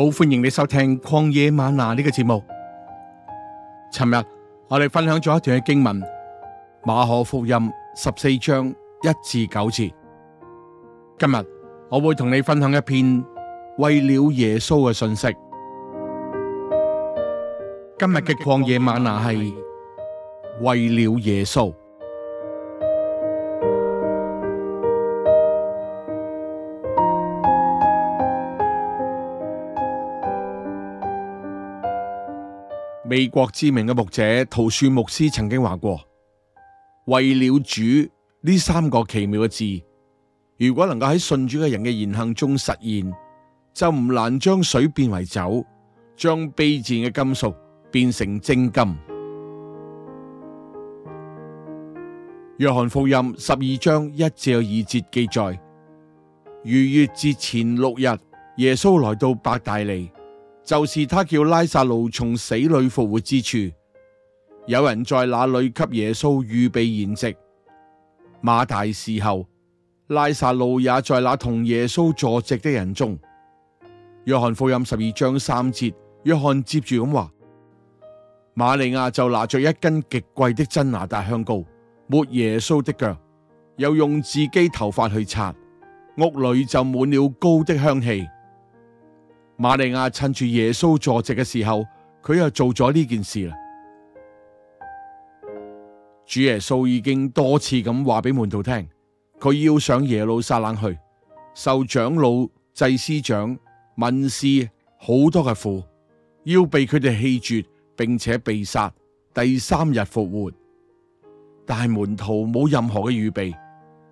好歡迎你收聽曠野嗎哪呢個節目。尋日我哋分享咗一段嘅經文，馬可福音十四章一至九節。今日我會同你分享一篇為了耶穌嘅信息。今日嘅曠野嗎哪係為了耶穌。美國知名嘅牧者陶恕牧師曾經話過：為了主呢三個奇妙嘅字，如果能夠喺信主嘅人嘅言行中實現，就唔難將水變為酒，將卑賤嘅金屬變成精金。約翰福音十二章一至二節記載：逾越節前六日，耶穌來到伯大尼。」就是他叫拉撒路從死裏復活之處，有人在那裏給耶穌預備筵席。馬大伺候，拉撒路也在那同耶穌坐席的人中。約翰福音十二章三節，約翰接住咁話：瑪利亞就拿着一斤極貴的真哪噠香膏，抹耶穌的腳，又用自己頭髮去擦，屋裏就滿了膏的香氣。瑪利亞趁住耶穌坐席嘅時候，佢又做咗呢件事啦。主耶穌已經多次咁話俾門徒聽，佢要上耶路撒冷去，受長老、祭司長、文士好多嘅苦，要被佢哋棄絕，並且被殺，第三日復活。但係門徒冇任何嘅預備，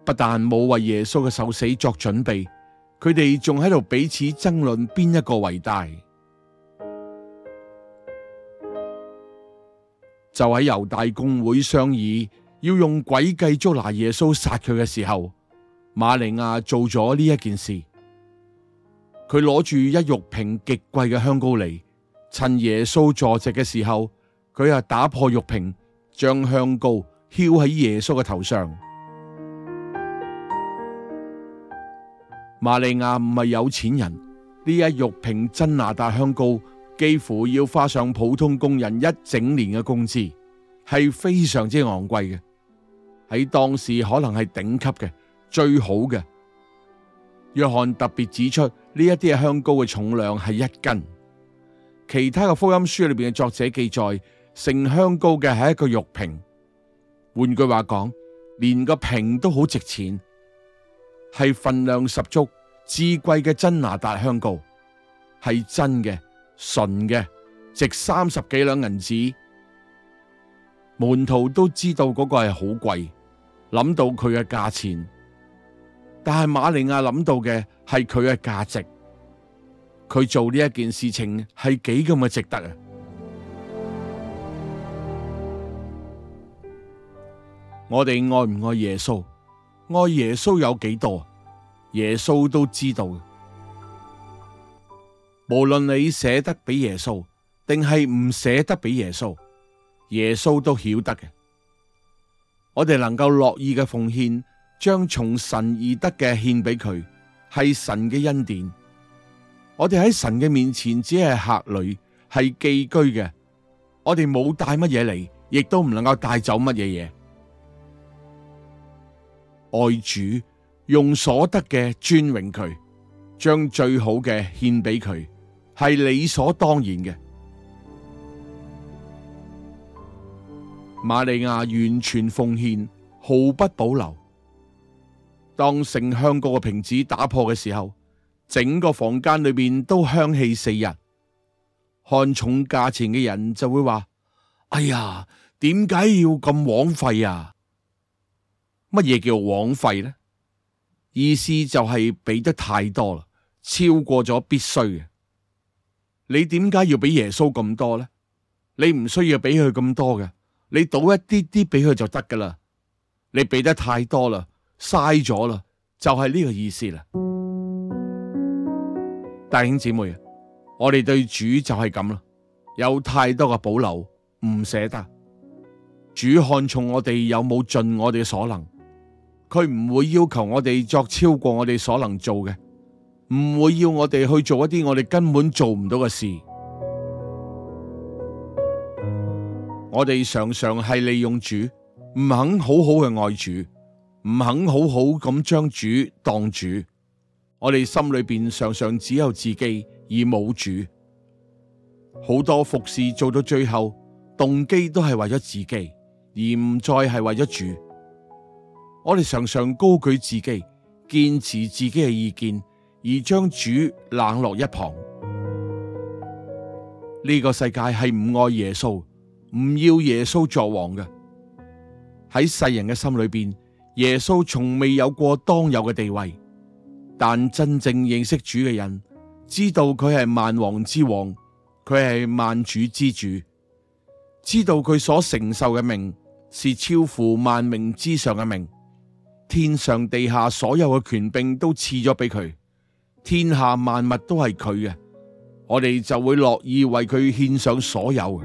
不但冇為耶穌嘅受死作準備。佢哋仲喺度彼此爭論邊一個為大，就喺猶大公會商議要用詭計捉拿耶穌、殺佢嘅時候，馬利亞做咗呢一件事。佢攞住一玉瓶極貴嘅香膏嚟，趁耶穌坐席嘅時候，佢啊打破玉瓶，將香膏澆喺耶穌嘅頭上。馬利亞唔係有錢人，呢一玉瓶真哪噠香膏幾乎要花上普通工人一整年嘅工資，係非常之昂貴嘅，喺當時可能係頂級嘅最好嘅。約翰特別指出呢一啲嘅香膏嘅重量係一斤，其他嘅福音書裏邊嘅作者記載盛香膏嘅係一個玉瓶，換句話講，連個瓶都好值錢。係份量十足、至貴嘅真哪噠香膏，係真嘅、純嘅，值三十幾兩銀子。門徒都知道嗰個係好貴，諗到佢嘅價錢，但係馬利亞諗到嘅係佢嘅價值，佢做呢一件事情係幾咁嘅值得啊！我哋愛唔愛耶穌？愛耶穌有幾多，耶穌都知道。無論你捨得俾耶穌，定係唔捨得俾耶穌，耶穌都曉得嘅。我哋能夠樂意嘅奉獻，將從神而得嘅獻俾佢，係神嘅恩典。我哋喺神嘅面前只係客旅，係寄居嘅。我哋冇帶乜嘢嚟，亦都唔能夠帶走乜嘢嘢。愛主用所得嘅尊榮佢，將最好嘅獻俾佢，係理所當然嘅。瑪利亞完全奉獻，毫不保留。當盛香膏嘅瓶子打破嘅時候，整個房間裏面都香氣四溢。看重價錢嘅人就會話：哎呀，點解要咁枉費啊？乜嘢叫枉費咧？意思就係俾得太多啦，超過咗必須嘅。你點解要俾耶穌咁多咧？你唔需要俾佢咁多嘅，你倒一啲啲俾佢就得噶啦。你俾得太多啦，嘥咗啦，就係呢個意思啦。弟兄姊妹，我哋對主就係咁咯，有太多嘅保留，唔捨得。主看重我哋有冇盡我哋嘅所能。佢唔會要求我哋作超過我哋所能做嘅，唔會要我哋去做一啲我哋根本做唔到嘅事。我哋常常係利用主，唔肯好好去愛主，唔肯好好咁將主當主。我哋心裏邊常常只有自己而冇主，好多服侍做到最後動機都係為咗自己，而唔再係為咗主。我哋常常高舉自己，堅持自己嘅意見，而將主冷落一旁。呢個世界係唔愛耶穌，唔要耶穌作王嘅。喺世人嘅心裏邊，耶穌從未有過當有嘅地位。但真正認識主嘅人，知道佢係萬王之王，佢係萬主之主，知道佢所承受嘅名是超乎萬名之上嘅名。天上地下所有嘅權柄都賜咗俾佢，天下萬物都係佢嘅，我哋就會樂意為佢獻上所有。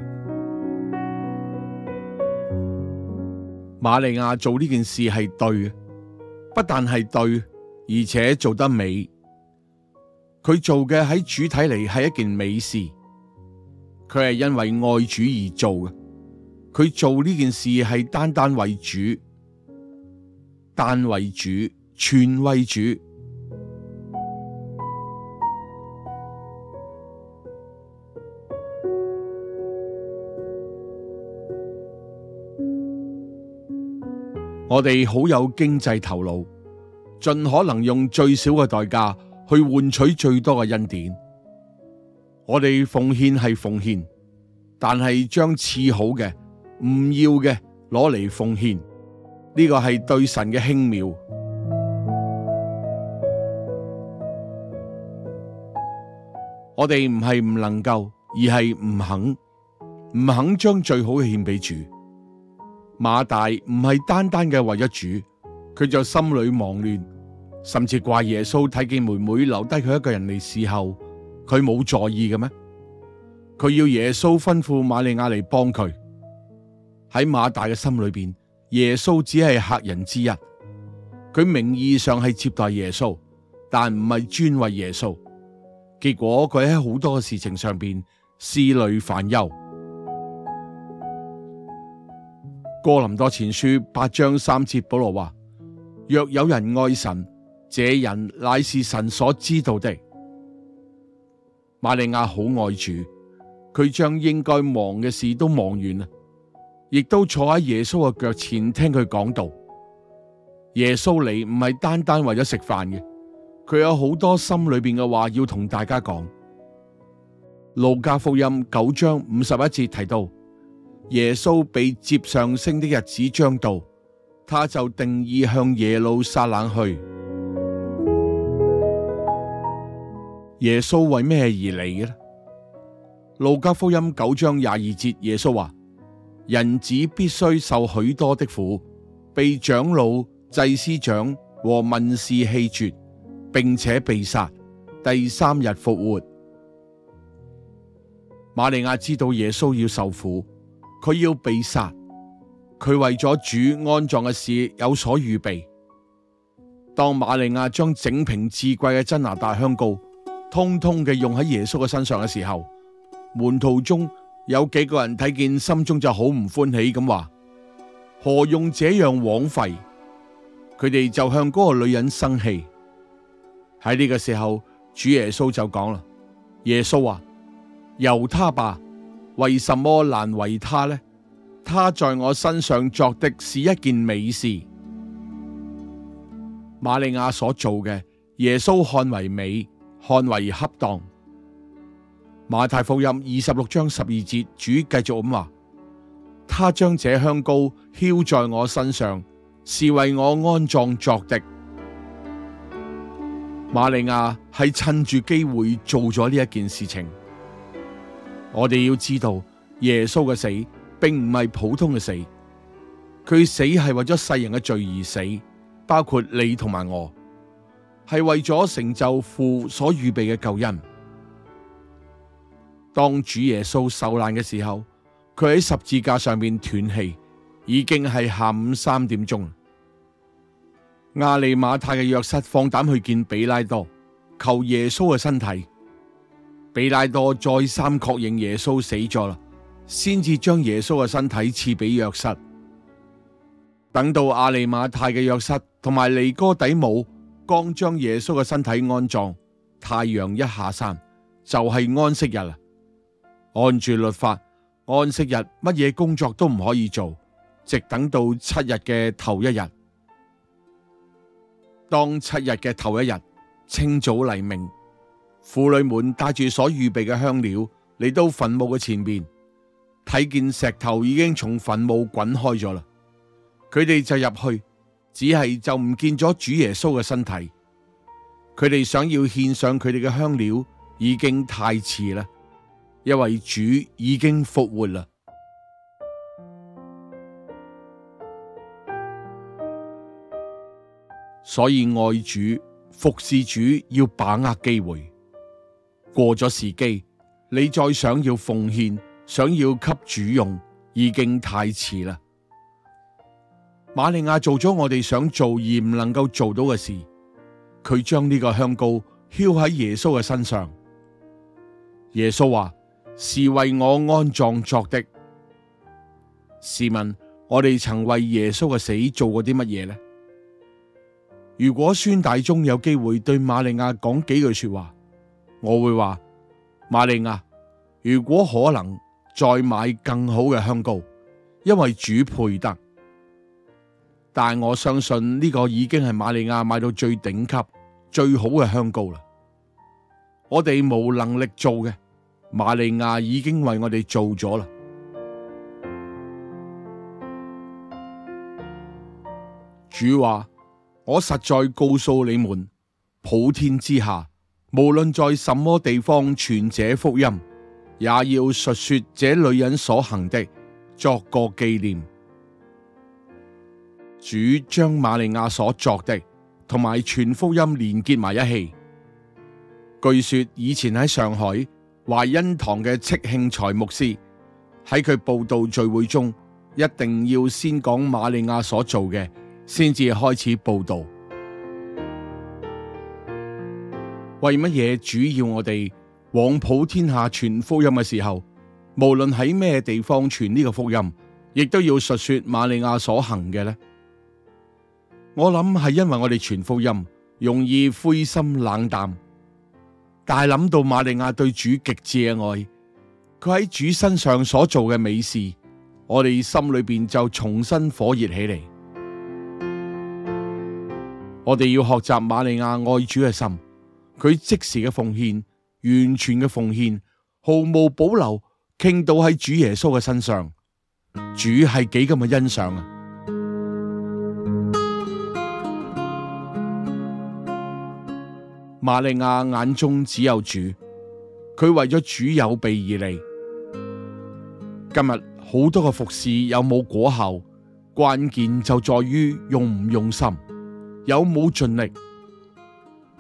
馬利亞做呢件事係對嘅，不但係對，而且做得美。佢做嘅喺主睇嚟係一件美事，佢係因為愛主而做嘅，佢做呢件事係單單為主。但為主，全為主。我哋好有經濟頭腦，盡可能用最少嘅代價去換取最多嘅恩典。我哋奉獻係奉獻，但係將次好嘅唔要嘅攞嚟奉獻。呢個係對神嘅輕蔑，我哋唔係唔能夠，而係唔肯，唔肯將最好嘅獻俾主。馬大唔係單單嘅為咗主，佢就心裏忙亂，甚至怪耶穌睇見妹妹留低佢一個人嚟侍候，佢冇在意嘅咩？佢要耶穌吩咐瑪利亞嚟幫佢，喺馬大嘅心裏邊。耶穌只係客人之一，佢名義上係接待耶穌，但唔係專為耶穌。結果佢喺好多事情上邊思慮煩憂。哥林多前書八章三節保羅話：若有人愛神，這人乃是神所知道的。瑪利亞好愛主，佢將應該忙嘅事都忙完亦都坐喺耶穌嘅腳前聽佢講道。耶穌嚟唔係單單為咗食飯嘅，佢有好多心裏邊嘅話要同大家講。路加福音九章五十一節提到，耶穌被接上升的日子將到，他就定意向耶路撒冷去。耶穌為咩而嚟嘅咧？路加福音九章廿二節，耶穌話。人子必須受許多的苦，被長老、祭司長和文士棄絕，並且被殺，第三日復活。馬利亞知道耶穌要受苦，佢要被殺，佢為咗主安葬嘅事有所預備。當馬利亞將整瓶至貴嘅真哪噠香膏，通通嘅用喺耶穌嘅身上嘅時候，門徒中，有幾個人睇見，心中就好唔歡喜咁話，何用這樣枉費？佢哋就向嗰個女人生氣。喺呢個時候，主耶穌就講啦：耶穌話：啊，由他吧，為什麼難為他呢？他在我身上作的是一件美事。瑪利亞所做嘅，耶穌看為美，看為恰當。馬太福音二十六章十二節，主繼續咁話：他將這香膏澆在我身上，是為我安葬作的。瑪利亞係趁住機會做咗呢一件事情。我哋要知道耶穌嘅死，並唔係普通嘅死，佢死係為咗世人嘅罪而死，包括你同埋我，係為咗成就父所預備嘅救恩。當主耶穌受難嘅時候，佢喺十字架上面斷氣，已經係下午三點鐘。亞利馬太嘅約瑟放膽去見比拉多，求耶穌嘅身體。比拉多再三確認耶穌死咗啦，先至將耶穌嘅身體賜俾約瑟。等到亞利馬太嘅約瑟同埋尼哥底母剛將耶穌嘅身體安葬，太陽一下山，就係安息日啦。按住律法安息日，乜嘢工作都唔可以做，直等到七日嘅頭一日。當七日嘅頭一日清早黎明，婦女們帶住所預備嘅香料嚟到墳墓嘅前面，睇見石頭已經從墳墓滾開咗啦。佢哋就入去，只係就唔見咗主耶穌嘅身體。佢哋想要獻上佢哋嘅香料，已經太遲啦。因為主已經復活啦，所以愛主服侍主要把握機會。過咗時機，你再想要奉獻，想要給主用，已經太遲啦。瑪利亞做咗我哋想做而唔能夠做到嘅事，佢將呢個香膏澆喺耶穌嘅身上。耶穌話：是為我安葬作的。試問我哋曾為耶穌嘅死做過啲乜嘢呢？如果孫大中有機會對瑪利亞講幾句說話，我會話瑪利亞：如果可能，再買更好嘅香膏，因為主配得。但係我相信呢個已經係瑪利亞買到最頂級、最好嘅香膏啦。我哋冇能力做嘅。瑪利亞已經為我哋做咗啦。主話：我實在告訴你們，普天之下無論在什麼地方傳這福音，也要述說這女人所行的，作個紀念。主將瑪利亞所作的同埋全福音連結埋一起。據說以前喺上海。懷恩堂嘅戚慶才牧師喺佢佈道聚會中，一定要先講瑪利亞所做嘅，先至開始佈道。為乜嘢主要我哋往普天下傳福音嘅時候，無論喺咩地方傳呢個福音，亦都要述說瑪利亞所行嘅呢？我諗係因為我哋傳福音容易灰心冷淡。但係諗到瑪利亞對主極致嘅愛，佢喺主身上所做嘅美事，我哋心裏邊就重新火熱起嚟。我哋要學習瑪利亞愛主嘅心，佢即時嘅奉獻、完全嘅奉獻、毫無保留傾倒喺主耶穌嘅身上，主係幾咁嘅欣賞啊！瑪利亞眼中只有主，佢為咗主有備而嚟。今日好多個服侍有冇果效，關鍵就在於用唔用心，有冇盡力。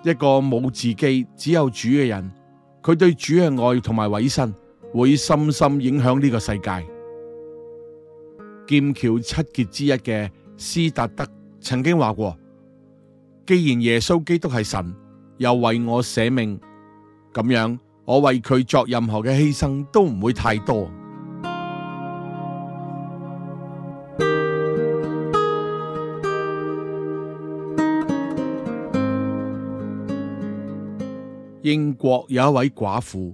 一個冇自己只有主嘅人，佢對主嘅愛同埋委身會深深影響呢個世界。劍橋七傑之一嘅斯達德曾經話過：「既然耶穌基督係神，又為我捨命，咁樣我為佢作任何嘅犧牲都唔會太多。英國有一位寡婦，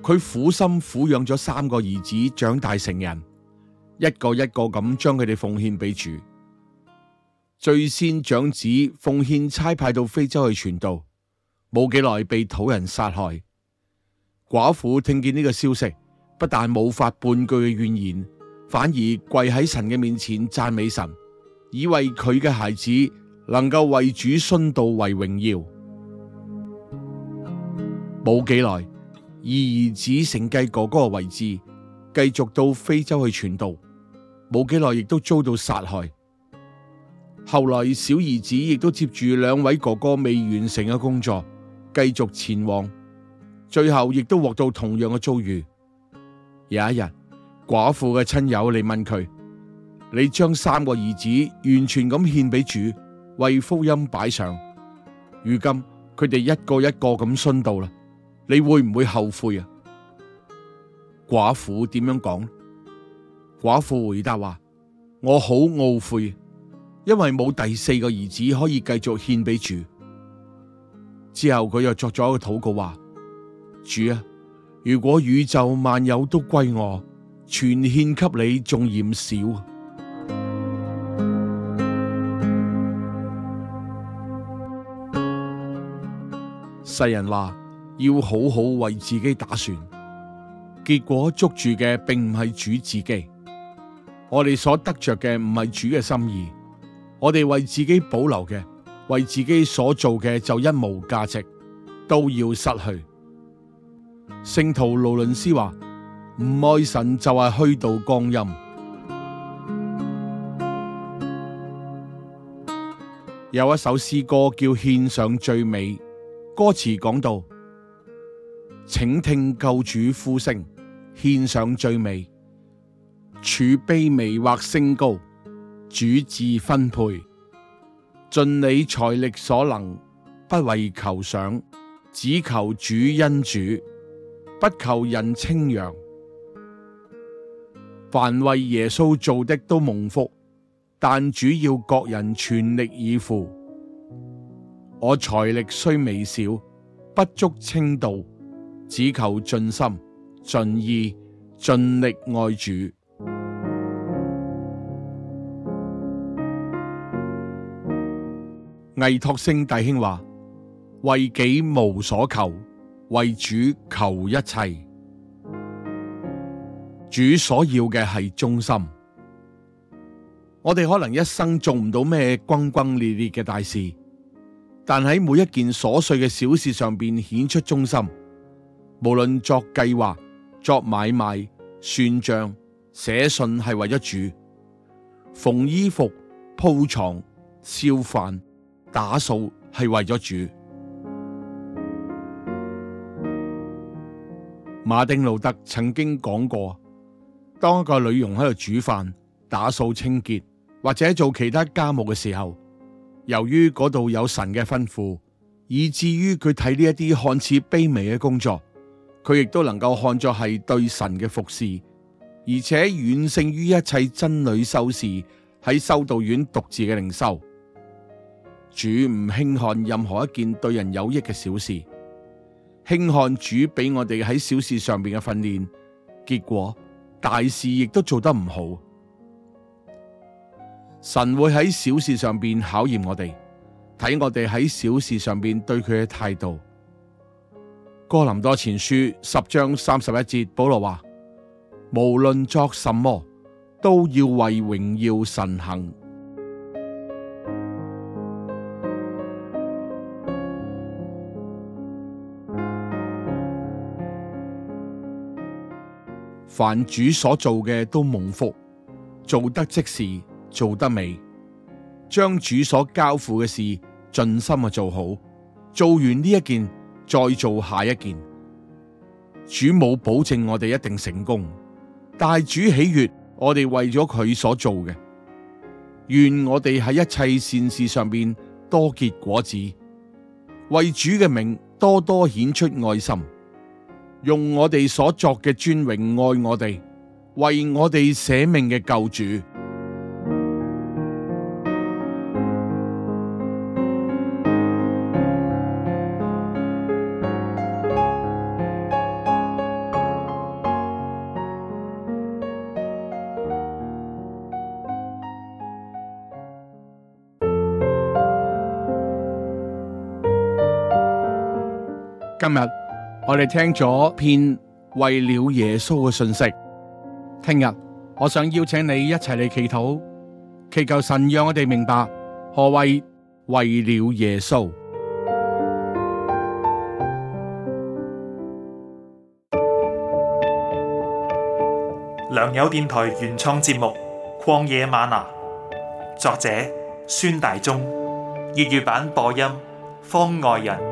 佢苦心撫養咗三個兒子，長大成人，一個一個咁將佢哋奉獻俾主。最先長子奉獻差派到非洲去傳道。冇幾耐被土人殺害，寡婦聽見呢個消息，不但冇發半句嘅怨言，反而跪喺神嘅面前讚美神，以為佢嘅孩子能夠為主殉道為榮耀。冇幾耐，二兒子承繼哥哥嘅位置，繼續到非洲去傳道。冇幾耐亦都遭到殺害。後來小兒子亦都接住兩位哥哥未完成嘅工作，繼續前往，最後亦都獲到同樣嘅遭遇。有一日，寡婦嘅親友嚟問佢：「你將三個兒子完全咁獻俾主，為福音擺上，如今佢哋一個一個咁殉道啦，你會唔會後悔啊？寡婦點樣講？寡婦回答話：「我好懊悔，因為冇第四個兒子可以繼續獻俾主。之後佢又作咗一個禱告話：主啊，如果宇宙萬有都歸我，全獻給你，仲嫌少。世人話，要好好為自己打算。結果捉住嘅並唔係主自己，我哋所得着嘅唔係主嘅心意，我哋為自己保留嘅。為自己所做嘅就一無價值，都要失去。聖徒勞倫斯話：唔愛神就係虛度光陰。有一首詩歌叫《獻上最美》，歌詞講到：請聽救主呼聲，獻上最美，處卑微或升高，主自分配。盡你財力所能，不為求賞，只求主恩主，不求人稱揚。凡為耶穌做的都蒙福，但主要各人全力以赴。我財力雖微小，不足稱道，只求盡心、盡意、盡力愛主。魏托星弟兄話：為己無所求，為主求一切。主所要嘅係忠心。我哋可能一生做唔到咩轟轟烈烈嘅大事，但喺每一件瑣碎嘅小事上邊顯出忠心。無論作計劃、作買賣、算賬、寫信是為主，係為咗主縫衣服、鋪床、燒飯。打掃係為咗主。馬丁路德曾經講過，當一個女傭喺度煮飯、打掃清潔或者做其他家務嘅時候，由於嗰度有神嘅吩咐，以至於佢睇呢一啲看似卑微嘅工作，佢亦都能夠看作係對神嘅服侍，而且遠勝於一切真女修士喺修道院獨自嘅靈修。主唔輕看任何一件對人有益嘅小事，輕看主俾我哋喺小事上面嘅訓練，結果大事亦都做得唔好。神會喺小事上面考驗我哋，睇我哋喺小事上面對佢嘅態度。哥林多前書十章三十一節，保羅話：無論作什麼，都要為榮耀神行。凡主所做嘅都蒙福，做得即時，做得美，將主所交付嘅事盡心啊做好，做完呢一件再做下一件。主冇保證我哋一定成功，但係主喜悅我哋為咗佢所做嘅。願我哋喺一切善事上邊多結果子，為主嘅名多多顯出愛心，用我哋所作嘅尊榮愛我哋，為我哋捨命嘅救主。我哋聽咗篇為了耶穌嘅信息，聽日我想邀請你一齊嚟祈禱，祈求神讓我哋明白何謂為了耶穌。良友電台原創節目《曠野嗎哪》，作者：孫大中，粵語版播音：方外人。